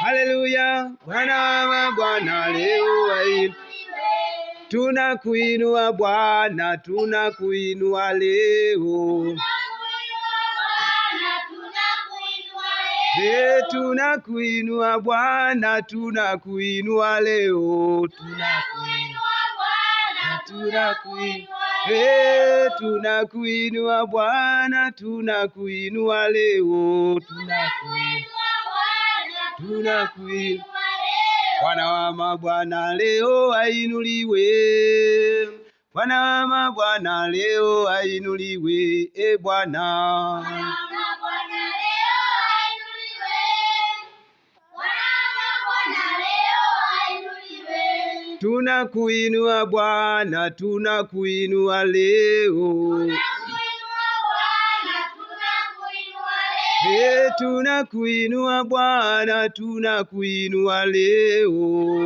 Haleluya, Bwana wa Bwana, leo hii tunakuinua Bwana, tunakuinua leo tunakuinua Bwana, tunakuinua leo, tunakuinua Bwana, tunakuinua leo hakuna kuinuka. Bwana wa mabwana leo ainuliwe, Bwana wa mabwana leo ainuliwe, e Bwana. Tunakuinua Bwana, tunakuinua leo. Hey, tunakuinua Bwana, tunakuinua leo.